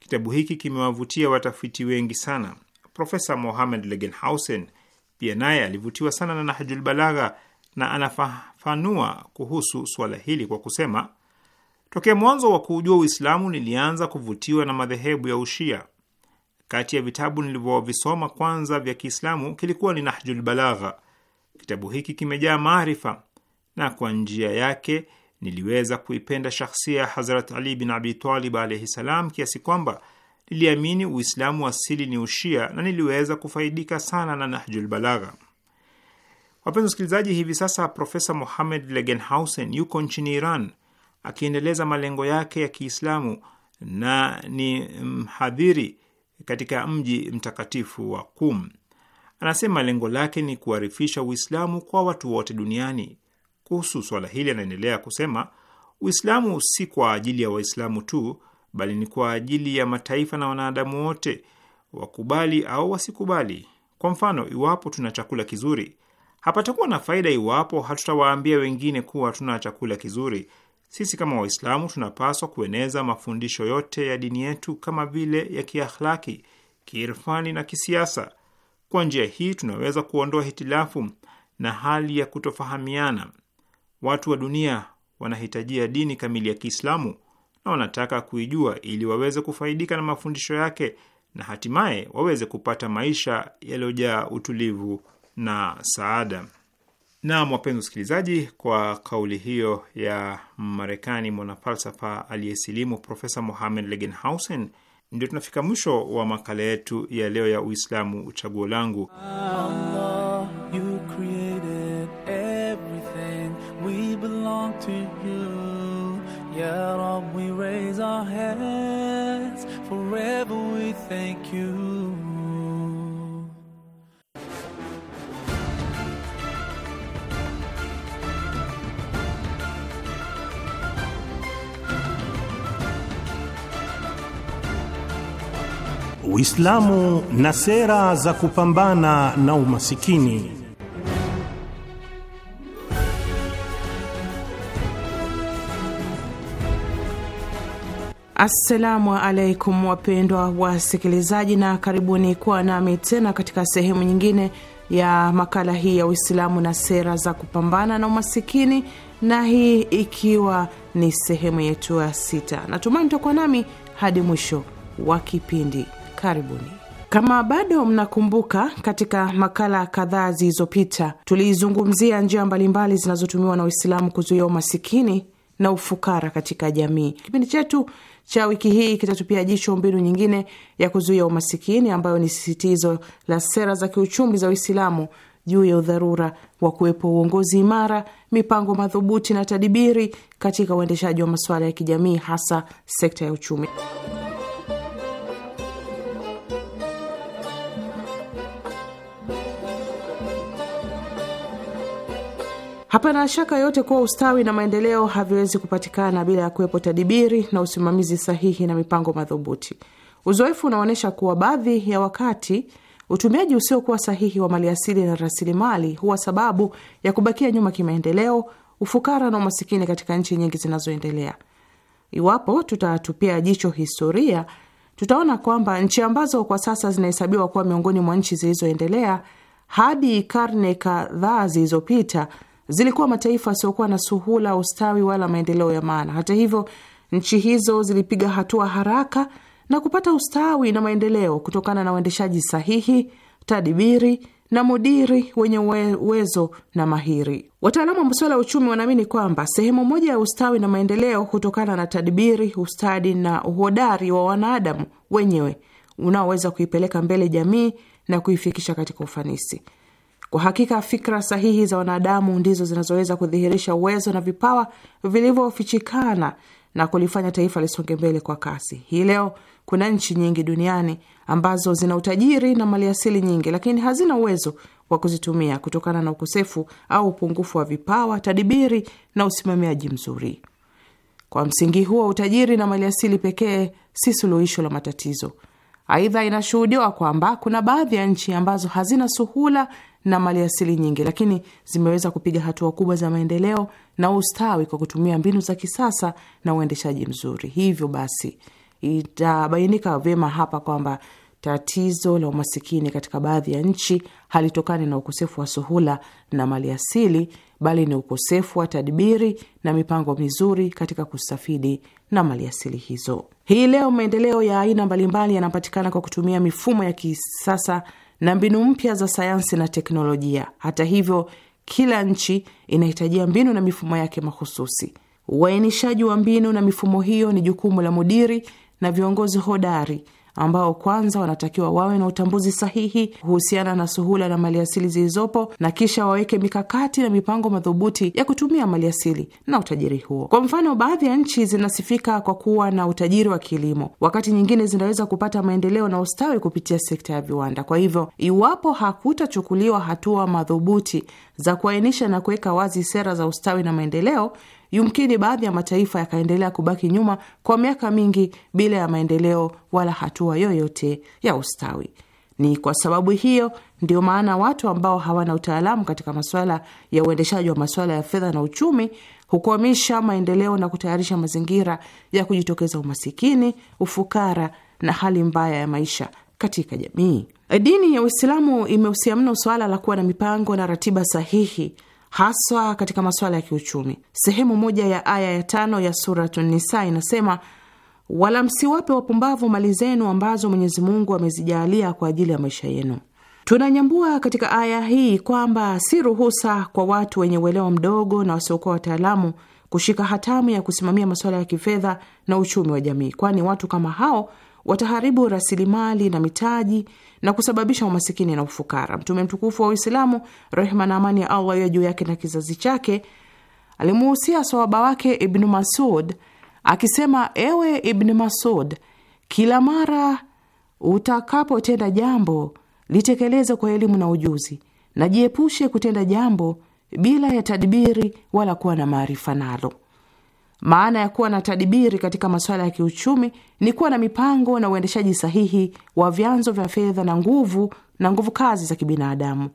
Kitabu hiki kimewavutia watafiti wengi sana. Profesa Mohamed Legenhausen pia naye alivutiwa sana na Nahjul Balagha na anafafanua kuhusu suala hili kwa kusema Tokea mwanzo wa kuujua Uislamu nilianza kuvutiwa na madhehebu ya Ushia. Kati ya vitabu nilivyovisoma kwanza vya Kiislamu kilikuwa ni Nahjul Balagha. Kitabu hiki kimejaa maarifa, na kwa njia yake niliweza kuipenda shakhsia ya Hazrat Ali bin Abi Talib alaihi salam, kiasi kwamba niliamini Uislamu asili ni Ushia na niliweza kufaidika sana na Nahjul Balagha. Wapenzi wasikilizaji, hivi sasa Profesa muhamed Legenhausen yuko nchini Iran akiendeleza malengo yake ya Kiislamu na ni mhadhiri katika mji mtakatifu wa Qum. Anasema lengo lake ni kuarifisha Uislamu kwa watu wote duniani. Kuhusu swala hili, anaendelea kusema Uislamu si kwa ajili ya Waislamu tu, bali ni kwa ajili ya mataifa na wanadamu wote, wakubali au wasikubali. Kwa mfano, iwapo tuna chakula kizuri, hapatakuwa na faida iwapo hatutawaambia wengine kuwa tuna chakula kizuri, sisi kama Waislamu tunapaswa kueneza mafundisho yote ya dini yetu kama vile ya kiakhlaki, kiirfani na kisiasa. Kwa njia hii tunaweza kuondoa hitilafu na hali ya kutofahamiana. Watu wa dunia wanahitajia dini kamili ya Kiislamu na wanataka kuijua ili waweze kufaidika na mafundisho yake na hatimaye waweze kupata maisha yaliyojaa utulivu na saada. Naam, wapenzi wasikilizaji, kwa kauli hiyo ya Marekani mwanafalsafa aliyesilimu Profesa Mohamed Legenhausen, ndio tunafika mwisho wa makala yetu ya leo ya Uislamu Uchaguo Langu. Allah, you Uislamu na sera za kupambana na umasikini. Assalamu alaikum, wapendwa wasikilizaji, na karibuni kuwa nami tena katika sehemu nyingine ya makala hii ya Uislamu na sera za kupambana na umasikini, na hii ikiwa ni sehemu yetu ya sita. Natumai mtakuwa nami hadi mwisho wa kipindi. Karibuni. Kama bado mnakumbuka, katika makala kadhaa zilizopita tuliizungumzia njia mbalimbali zinazotumiwa na Waislamu kuzuia umasikini na ufukara katika jamii. Kipindi chetu cha wiki hii kitatupia jicho mbinu nyingine ya kuzuia umasikini ambayo ni sisitizo la sera za kiuchumi za Uislamu juu ya udharura wa kuwepo uongozi imara, mipango madhubuti na tadibiri katika uendeshaji wa masuala ya kijamii, hasa sekta ya uchumi. Hapana shaka yote kuwa ustawi na maendeleo haviwezi kupatikana bila ya kuwepo tadibiri na usimamizi sahihi na mipango madhubuti. Uzoefu unaonyesha kuwa baadhi ya wakati utumiaji usiokuwa sahihi wa maliasili na rasilimali huwa sababu ya kubakia nyuma kimaendeleo, ufukara na umasikini katika nchi nyingi zinazoendelea. Iwapo tutatupia jicho historia, tutaona kwamba nchi ambazo kwa sasa zinahesabiwa kuwa miongoni mwa nchi zilizoendelea hadi karne kadhaa zilizopita zilikuwa mataifa yasiokuwa na suhula, ustawi wala maendeleo ya maana. Hata hivyo, nchi hizo zilipiga hatua haraka na kupata ustawi na maendeleo kutokana na uendeshaji sahihi, tadibiri na mudiri wenye uwezo na mahiri. Wataalamu wa masuala ya uchumi wanaamini kwamba sehemu moja ya ustawi na maendeleo hutokana na tadibiri, ustadi na uhodari wa wanadamu wenyewe unaoweza kuipeleka mbele jamii na kuifikisha katika ufanisi. Kwa hakika fikra sahihi za wanadamu ndizo zinazoweza kudhihirisha uwezo na vipawa vilivyofichikana na kulifanya taifa lisonge mbele kwa kasi. Hii leo kuna nchi nyingi duniani ambazo zina utajiri na maliasili nyingi, lakini hazina uwezo wa kuzitumia kutokana na ukosefu au upungufu wa vipawa, tadibiri na usimamiaji mzuri. Kwa msingi huo, utajiri na maliasili pekee si suluhisho la matatizo. Aidha, inashuhudiwa kwamba kuna baadhi ya nchi ambazo hazina suhula na maliasili nyingi, lakini zimeweza kupiga hatua kubwa za maendeleo na ustawi kwa kutumia mbinu za kisasa na uendeshaji mzuri. Hivyo basi, itabainika vyema hapa kwamba tatizo la umasikini katika baadhi ya nchi halitokani na ukosefu wa suhula na maliasili, bali ni ukosefu wa tadbiri na mipango mizuri katika kustafidi na maliasili hizo. Hii leo maendeleo ya aina mbalimbali yanapatikana kwa kutumia mifumo ya kisasa na mbinu mpya za sayansi na teknolojia. Hata hivyo, kila nchi inahitajia mbinu na mifumo yake mahususi. Uainishaji wa mbinu na mifumo hiyo ni jukumu la mudiri na viongozi hodari ambao kwanza wanatakiwa wawe na utambuzi sahihi kuhusiana na suhula na maliasili zilizopo na kisha waweke mikakati na mipango madhubuti ya kutumia maliasili na utajiri huo. Kwa mfano, baadhi ya nchi zinasifika kwa kuwa na utajiri wa kilimo, wakati nyingine zinaweza kupata maendeleo na ustawi kupitia sekta ya viwanda. Kwa hivyo, iwapo hakutachukuliwa hatua madhubuti za kuainisha na kuweka wazi sera za ustawi na maendeleo Yumkini baadhi ya mataifa yakaendelea kubaki nyuma kwa miaka mingi bila ya maendeleo wala hatua yoyote ya ustawi. Ni kwa sababu hiyo ndio maana watu ambao hawana utaalamu katika masuala ya uendeshaji wa masuala ya fedha na uchumi hukwamisha maendeleo na kutayarisha mazingira ya kujitokeza umasikini, ufukara na hali mbaya ya maisha katika jamii. Dini ya Uislamu imehusia mno suala la kuwa na mipango na ratiba sahihi haswa katika masuala ya kiuchumi. Sehemu moja ya aya ya tano ya Suratu Nisa inasema wala msiwape wapumbavu mali zenu ambazo Mwenyezi Mungu amezijaalia kwa ajili ya maisha yenu. Tunanyambua katika aya hii kwamba si ruhusa kwa watu wenye uelewa mdogo na wasiokuwa wataalamu kushika hatamu ya kusimamia masuala ya kifedha na uchumi wa jamii, kwani watu kama hao wataharibu rasilimali na mitaji na kusababisha umasikini na ufukara. Mtume mtukufu wa Uislamu, rehma na amani ya Allah iwe juu yake na kizazi chake, alimuhusia sawaba wake Ibnu Masud akisema: ewe Ibnu Masud, kila mara utakapotenda jambo litekeleze kwa elimu na ujuzi, na jiepushe kutenda jambo bila ya tadbiri wala kuwa na maarifa nalo. Maana ya kuwa na tadibiri katika masuala ya kiuchumi ni kuwa na mipango na uendeshaji sahihi wa vyanzo vya fedha na nguvu na nguvu kazi za kibinadamu.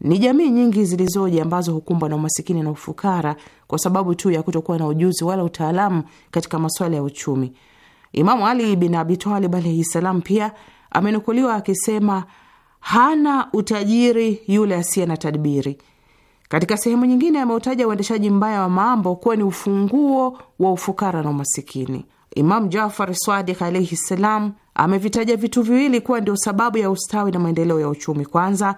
Ni jamii nyingi zilizoje ambazo hukumbwa na umasikini na ufukara kwa sababu tu ya kutokuwa na ujuzi wala utaalamu katika masuala ya uchumi. Imamu Ali bin Abi Talib alaihi salam pia amenukuliwa akisema, hana utajiri yule asiye na tadbiri katika sehemu nyingine ameutaja uendeshaji mbaya wa mambo kuwa ni ufunguo wa ufukara na umasikini. Imam Jafar Swadik alaihi ssalam amevitaja vitu viwili kuwa ndio sababu ya ustawi na maendeleo ya uchumi. Kwanza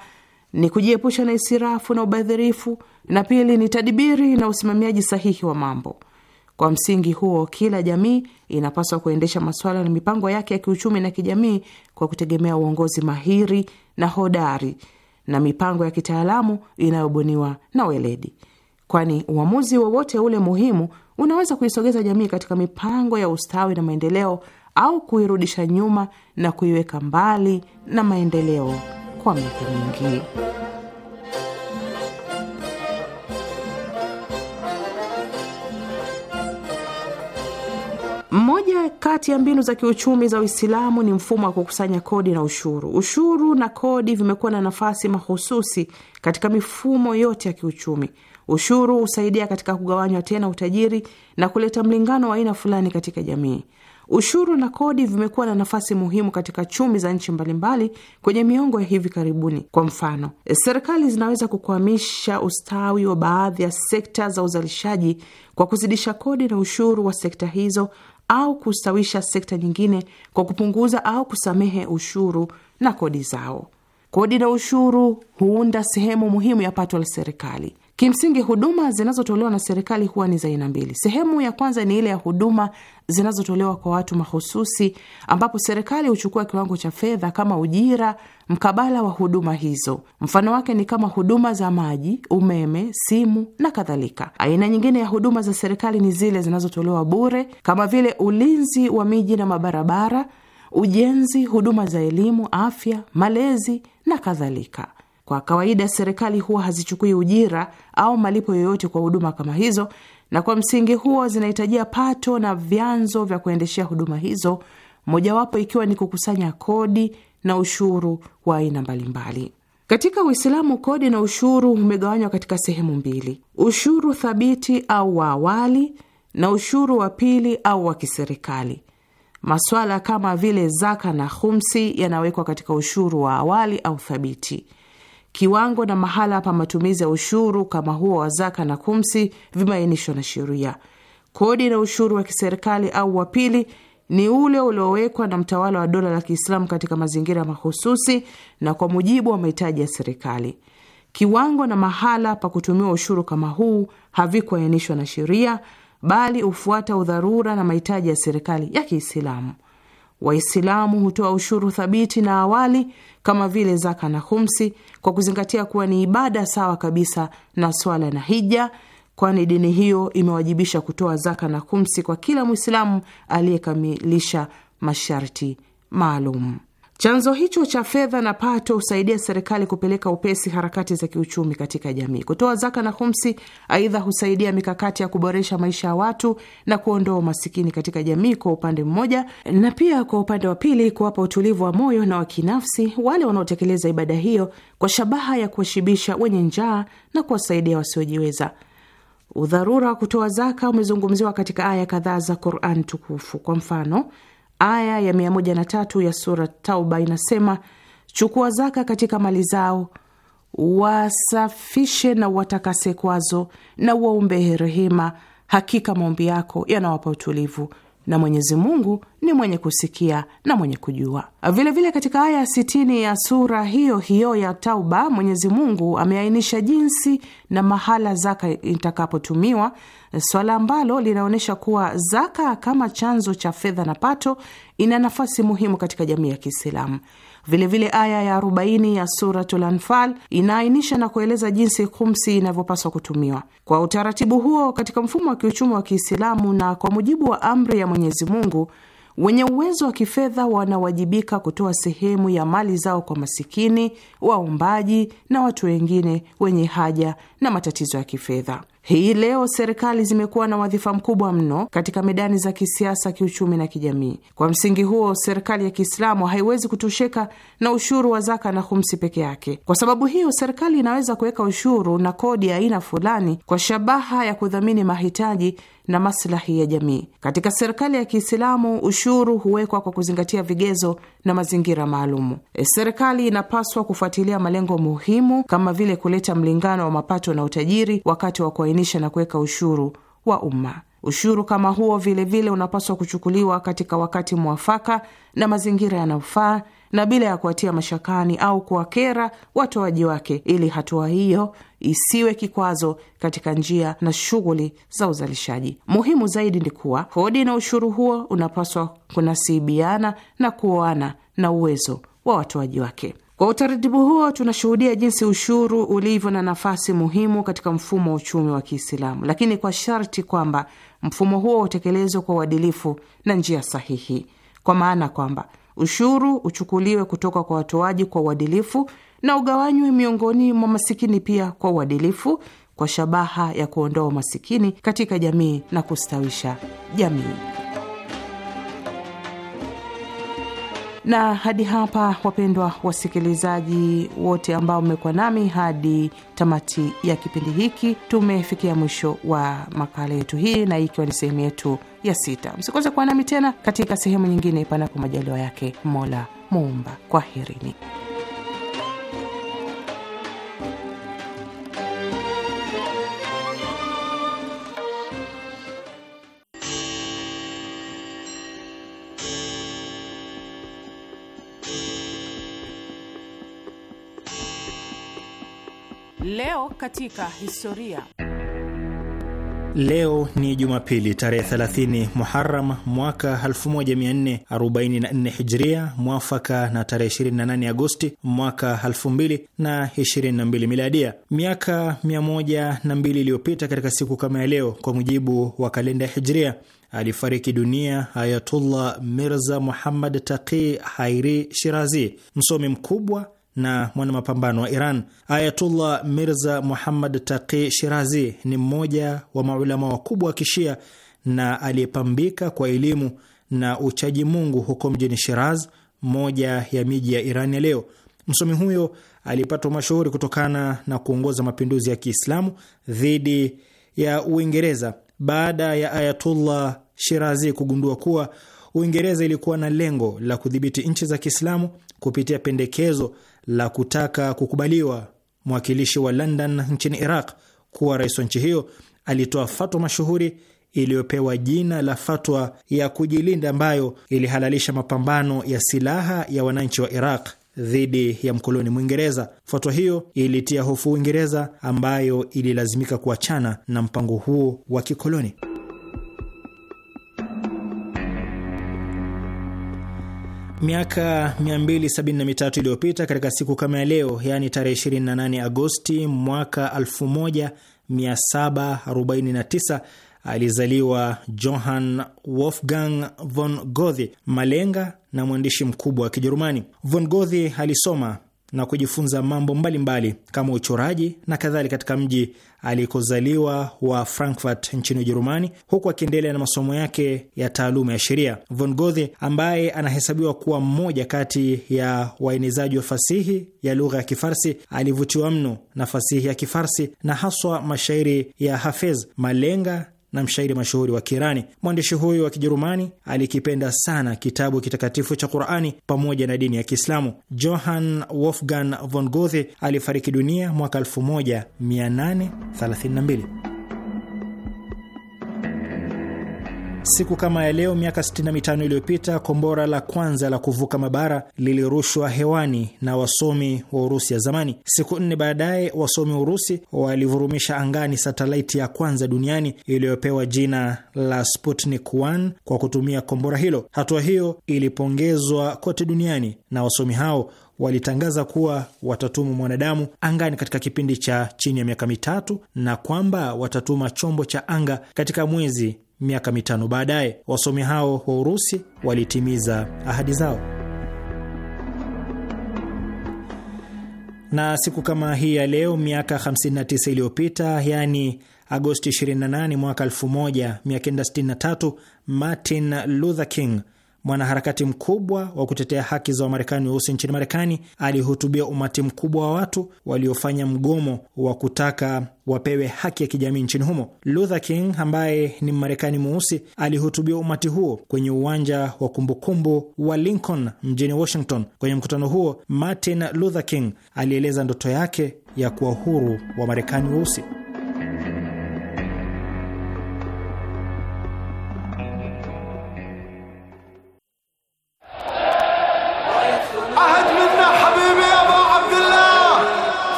ni kujiepusha na isirafu na ubadhirifu, na pili ni tadibiri na usimamiaji sahihi wa mambo. Kwa msingi huo, kila jamii inapaswa kuendesha masuala na mipango yake ya kiuchumi na kijamii kwa kutegemea uongozi mahiri na hodari na mipango ya kitaalamu inayobuniwa na weledi, kwani uamuzi wowote ule muhimu unaweza kuisogeza jamii katika mipango ya ustawi na maendeleo au kuirudisha nyuma na kuiweka mbali na maendeleo kwa miaka mingi. moja kati ya mbinu za kiuchumi za Uislamu ni mfumo wa kukusanya kodi na ushuru. Ushuru na kodi vimekuwa na nafasi mahususi katika mifumo yote ya kiuchumi. Ushuru husaidia katika kugawanywa tena utajiri na kuleta mlingano wa aina fulani katika jamii. Ushuru na kodi vimekuwa na nafasi muhimu katika chumi za nchi mbalimbali kwenye miongo ya hivi karibuni. Kwa mfano, serikali zinaweza kukwamisha ustawi wa baadhi ya sekta za uzalishaji kwa kuzidisha kodi na ushuru wa sekta hizo au kustawisha sekta nyingine kwa kupunguza au kusamehe ushuru na kodi zao. Kodi na ushuru huunda sehemu muhimu ya pato la serikali. Kimsingi, huduma zinazotolewa na serikali huwa ni za aina mbili. Sehemu ya kwanza ni ile ya huduma zinazotolewa kwa watu mahususi, ambapo serikali huchukua kiwango cha fedha kama ujira mkabala wa huduma hizo. Mfano wake ni kama huduma za maji, umeme, simu na kadhalika. Aina nyingine ya huduma za serikali ni zile zinazotolewa bure kama vile ulinzi wa miji na mabarabara, ujenzi, huduma za elimu, afya, malezi na kadhalika. Kwa kawaida serikali huwa hazichukui ujira au malipo yoyote kwa huduma kama hizo, na kwa msingi huo zinahitajia pato na vyanzo vya kuendeshea huduma hizo, mojawapo ikiwa ni kukusanya kodi na ushuru wa aina mbalimbali. Katika Uislamu, kodi na ushuru umegawanywa katika sehemu mbili: ushuru thabiti au wa awali na ushuru wa pili au wa kiserikali. Maswala kama vile zaka na khumsi yanawekwa katika ushuru wa awali au thabiti. Kiwango na mahala pa matumizi ya ushuru kama huo wa zaka na kumsi vimeainishwa na sheria. Kodi na ushuru wa kiserikali au wa pili ni ule uliowekwa na mtawala wa dola la Kiislamu katika mazingira mahususi na kwa mujibu wa mahitaji ya serikali. Kiwango na mahala pa kutumiwa ushuru kama huu havikuainishwa na sheria, bali hufuata udharura na mahitaji ya serikali ya Kiislamu. Waislamu hutoa ushuru thabiti na awali kama vile zaka na humsi, kwa kuzingatia kuwa ni ibada sawa kabisa na swala na hija, kwani dini hiyo imewajibisha kutoa zaka na humsi kwa kila mwislamu aliyekamilisha masharti maalum. Chanzo hicho cha fedha na pato husaidia serikali kupeleka upesi harakati za kiuchumi katika jamii, kutoa zaka na humsi. Aidha, husaidia mikakati ya kuboresha maisha ya watu na kuondoa umasikini katika jamii kwa upande mmoja, na pia kwa upande wa pili kuwapa utulivu wa moyo na wa kinafsi wale wanaotekeleza ibada hiyo kwa shabaha ya kuwashibisha wenye njaa na kuwasaidia wasiojiweza. Udharura wa kutoa zaka umezungumziwa katika aya kadhaa za Quran tukufu. Kwa mfano Aya ya tatu ya sura Tauba inasema, chukua zaka katika mali zao, wasafishe na watakase kwazo, na uwaombe rehema, hakika maombi yako yanawapa utulivu na Mwenyezi Mungu ni mwenye kusikia na mwenye kujua. Vilevile vile katika aya ya sitini ya sura hiyo hiyo ya Tauba, Mwenyezi Mungu ameainisha jinsi na mahala zaka itakapotumiwa, swala ambalo linaonyesha kuwa zaka kama chanzo cha fedha na pato ina nafasi muhimu katika jamii ya Kiislamu. Vilevile aya ya 40 ya Suratul Anfal inaainisha na kueleza jinsi khumsi inavyopaswa kutumiwa. Kwa utaratibu huo, katika mfumo wa kiuchumi wa Kiislamu na kwa mujibu wa amri ya Mwenyezi Mungu, wenye uwezo wa kifedha wanawajibika kutoa sehemu ya mali zao kwa masikini, waombaji na watu wengine wenye haja na matatizo ya kifedha. Hii leo serikali zimekuwa na wadhifa mkubwa mno katika medani za kisiasa, kiuchumi na kijamii. Kwa msingi huo, serikali ya Kiislamu haiwezi kutosheka na ushuru wa zaka na humsi peke yake. Kwa sababu hiyo, serikali inaweza kuweka ushuru na kodi ya aina fulani kwa shabaha ya kudhamini mahitaji na maslahi ya jamii. Katika serikali ya Kiislamu, ushuru huwekwa kwa kuzingatia vigezo na mazingira maalumu. E, serikali inapaswa kufuatilia malengo muhimu kama vile kuleta mlingano wa mapato na utajiri wakati wa kuainisha na kuweka ushuru wa umma. Ushuru kama huo vilevile vile unapaswa kuchukuliwa katika wakati mwafaka na mazingira yanayofaa na bila ya kuwatia mashakani au kuwakera watoaji wake, ili hatua hiyo isiwe kikwazo katika njia na shughuli za uzalishaji. Muhimu zaidi ni kuwa kodi na ushuru huo unapaswa kunasibiana na kuoana na uwezo wa watoaji wake. Kwa utaratibu huo tunashuhudia jinsi ushuru ulivyo na nafasi muhimu katika mfumo wa uchumi wa Kiislamu, lakini kwa sharti kwamba mfumo huo utekelezwe kwa uadilifu na njia sahihi, kwa maana kwamba Ushuru uchukuliwe kutoka kwa watoaji kwa uadilifu na ugawanywe miongoni mwa masikini pia kwa uadilifu, kwa shabaha ya kuondoa umasikini katika jamii na kustawisha jamii. Na hadi hapa, wapendwa wasikilizaji wote ambao mmekuwa nami hadi tamati ya kipindi hiki, tumefikia mwisho wa makala yetu hii, na ikiwa ni sehemu yetu ya sita. Msikose kuwa nami tena katika sehemu nyingine, panapo majaliwa yake Mola Muumba. Kwaherini. Leo katika historia. Leo ni Jumapili tarehe 30 muharam mwaka 1444 Hijria, mwafaka na tarehe 28 Agosti mwaka 2022 Miladia. Miaka 102 iliyopita katika siku kama ya leo, kwa mujibu wa kalenda ya Hijria, alifariki dunia Ayatullah Mirza Muhammad Taqi Hairi Shirazi, msomi mkubwa na mwanamapambano wa Iran. Ayatullah Mirza Muhammad Taqi Shirazi ni mmoja wa maulama wakubwa wa Kishia na aliyepambika kwa elimu na uchaji Mungu huko mjini Shiraz, moja ya miji ya Iran ya leo. Msomi huyo alipata mashuhuri kutokana na kuongoza mapinduzi ya Kiislamu dhidi ya Uingereza baada ya Ayatullah Shirazi kugundua kuwa Uingereza ilikuwa na lengo la kudhibiti nchi za Kiislamu kupitia pendekezo la kutaka kukubaliwa mwakilishi wa London nchini Iraq kuwa rais wa nchi hiyo alitoa fatwa mashuhuri iliyopewa jina la fatwa ya kujilinda ambayo ilihalalisha mapambano ya silaha ya wananchi wa Iraq dhidi ya mkoloni Mwingereza. Fatwa hiyo ilitia hofu Uingereza ambayo ililazimika kuachana na mpango huo wa kikoloni. Miaka 273 iliyopita katika siku kama ya leo, yaani tarehe 28 Agosti mwaka 1749 alizaliwa Johann Wolfgang von Goethe, malenga na mwandishi mkubwa wa Kijerumani. Von Goethe alisoma na kujifunza mambo mbalimbali mbali, kama uchoraji na kadhalika katika mji alikozaliwa wa Frankfurt nchini Ujerumani, huku akiendelea na masomo yake ya taaluma ya sheria. Von Goethe ambaye anahesabiwa kuwa mmoja kati ya waenezaji wa fasihi ya lugha ya Kifarsi alivutiwa mno na fasihi ya Kifarsi na haswa mashairi ya Hafez, malenga na mshairi mashuhuri wa Kirani. Mwandishi huyu wa Kijerumani alikipenda sana kitabu kitakatifu cha Qurani pamoja na dini ya Kiislamu. Johann Wolfgang von Goethe alifariki dunia mwaka 1832. Siku kama ya leo miaka 65 iliyopita kombora la kwanza la kuvuka mabara lilirushwa hewani na wasomi wa Urusi ya zamani. Siku nne baadaye, wasomi wa Urusi walivurumisha angani satelaiti ya kwanza duniani iliyopewa jina la Sputnik 1 kwa kutumia kombora hilo. Hatua hiyo ilipongezwa kote duniani na wasomi hao walitangaza kuwa watatuma mwanadamu angani katika kipindi cha chini ya miaka mitatu na kwamba watatuma chombo cha anga katika mwezi miaka mitano baadaye. Wasomi hao wa Urusi walitimiza ahadi zao. Na siku kama hii ya leo miaka 59 iliyopita, yani Agosti 28 mwaka 1963, Martin Luther King mwanaharakati mkubwa wa kutetea haki za Wamarekani weusi nchini Marekani, alihutubia umati mkubwa wa watu waliofanya mgomo wa kutaka wapewe haki ya kijamii nchini humo. Luther King ambaye ni Mmarekani mweusi alihutubia umati huo kwenye uwanja wa kumbukumbu wa Lincoln mjini Washington. Kwenye mkutano huo, Martin Luther King alieleza ndoto yake ya kuwa huru wa Marekani weusi.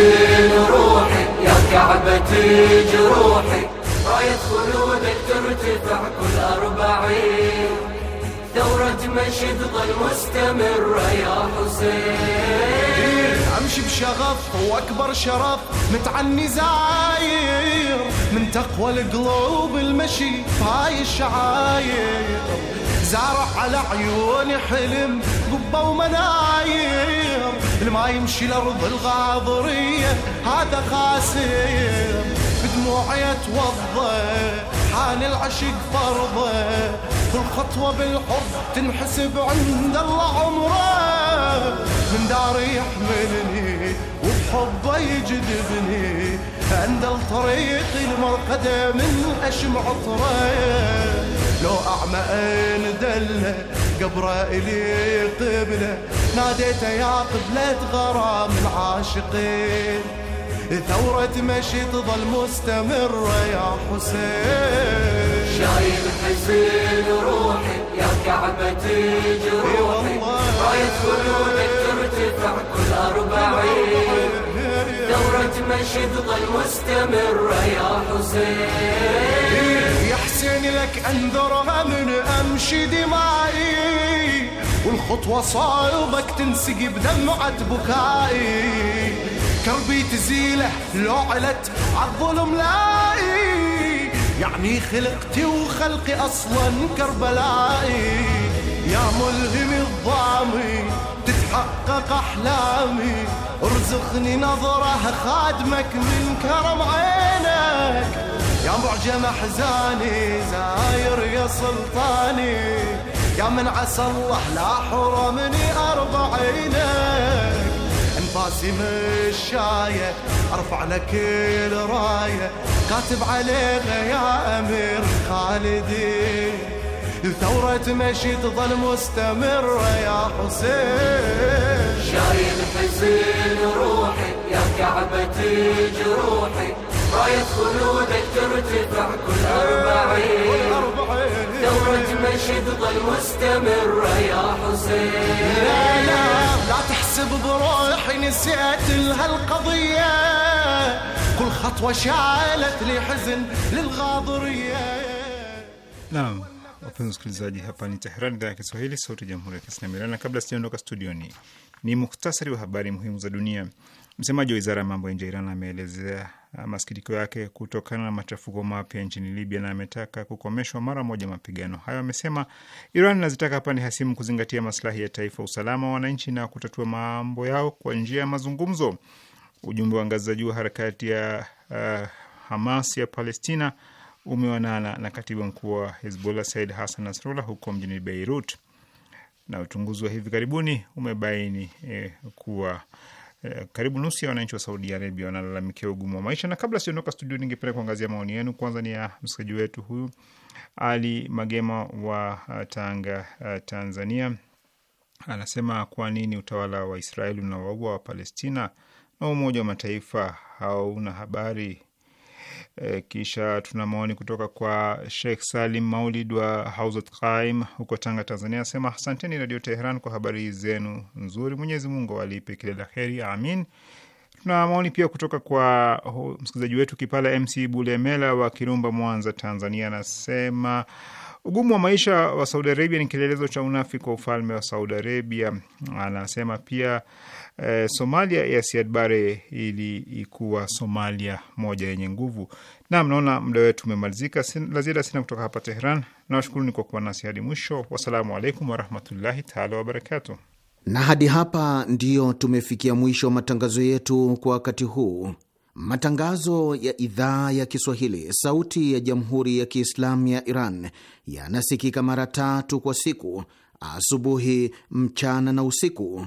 تسيل روحي يا كعبة جروحي راية خلودك ترتفع كل أربعين دورة مشي تظل مستمرة يا حسين أمشي بشغف وأكبر شرف متعني زاير من تقوى القلوب المشي هاي الشعاير زارع على عيوني حلم قبة ومناير اللي ما يمشي الأرض الغاضرية هذا خاسر بدموعي اتوضى حال العشق فرضه كل خطوة بالحب تنحسب عند الله عمره من داري يحملني وبحبه يجذبني أندل طريقي المرقدة من أشم عطره لو أعمى عين دله قبره إلي قبله ناديته يا قبلة غرام العاشقين ثورة مشي تظل مستمرة يا حسين شايل حسين روحي يا كعبة جروحي راية طيب خلودك ترتفع كل أربعين ثورة مشي تظل مستمرة يا حسين إيه. حسين لك انذرها من امشي دمائي والخطوة صعبك تنسقي بدمعة بكائي كربي تزيله لو علت عالظلم لائي يعني خلقتي وخلقي اصلا كربلائي يا ملهم الضامي تتحقق احلامي ارزقني نظره خادمك من كرم عينك يا معجم احزاني زاير يا سلطاني يا من عسى الله لا حرمني ارضى عينك انفاسي مشاية ارفع لك الراية كاتب عليك يا امير خالدي الثورة مشي تظل مستمرة يا حسين شايل حزين روحي يا كعبة جروحي راية خلودك ترتفع كل أربعين دورة مشي تظل مستمرة يا حسين لا لا لا تحسب بروحي نسيت لهالقضية كل خطوة شالت لي حزن للغاضرية نعم wapenzi wasikilizaji, hapa ni Teheran, idhaa ya Kiswahili, sauti ya jamhuri ya kiislamu Iran. Na kabla sijaondoka studioni, ni muhtasari wa habari muhimu za dunia. Msemaji wa wizara ya mambo ya nje ya Iran ameelezea Ah, masikitiko yake kutokana na machafuko mapya nchini Libya na ametaka kukomeshwa mara moja mapigano hayo. Amesema Iran inazitaka pande hasimu kuzingatia maslahi ya taifa, usalama wa wananchi na kutatua mambo yao kwa njia ya mazungumzo. Ujumbe wa ngazi za juu harakati ya uh, Hamas ya Palestina umeonana na katibu mkuu wa Hezbollah Said Hassan Nasrullah huko mjini Beirut, na uchunguzi wa hivi karibuni umebaini eh, kuwa Eh, karibu nusu ya wananchi wa Saudi Arabia wanalalamikia ugumu wa maisha. Na kabla siondoka studio, ningependa kuangazia maoni yenu. Kwanza ni ya msikaji wetu huyu Ali Magema wa eh, Tanga, eh, Tanzania, anasema kwa nini utawala wa Israeli unawaua Wapalestina na Umoja wa Mataifa hauna habari E, kisha tuna maoni kutoka kwa Sheikh Salim Maulid wa Hauzat Qaim huko Tanga, Tanzania, asema asanteni Radio Teheran kwa habari zenu nzuri. Mwenyezi Mungu alipe kile la heri, amin. Tuna maoni pia kutoka kwa msikilizaji wetu Kipala MC Bulemela wa Kirumba, Mwanza, Tanzania, anasema ugumu wa maisha wa Saudi Arabia ni kielelezo cha unafiki wa ufalme wa Saudi Arabia. Anasema pia Eh, Somalia ya Siad Barre ilikuwa Somalia moja yenye nguvu. Naam, naona muda wetu umemalizika, la ziada sina kutoka hapa Tehran. Nawashukuruni kwa kuwa nasi hadi mwisho. Wassalamu alaikum warahmatullahi taala wabarakatuh. Na hadi hapa ndiyo tumefikia mwisho wa matangazo yetu kwa wakati huu. Matangazo ya idhaa ya Kiswahili sauti ya jamhuri ya Kiislamu ya Iran yanasikika mara tatu kwa siku: asubuhi, mchana na usiku.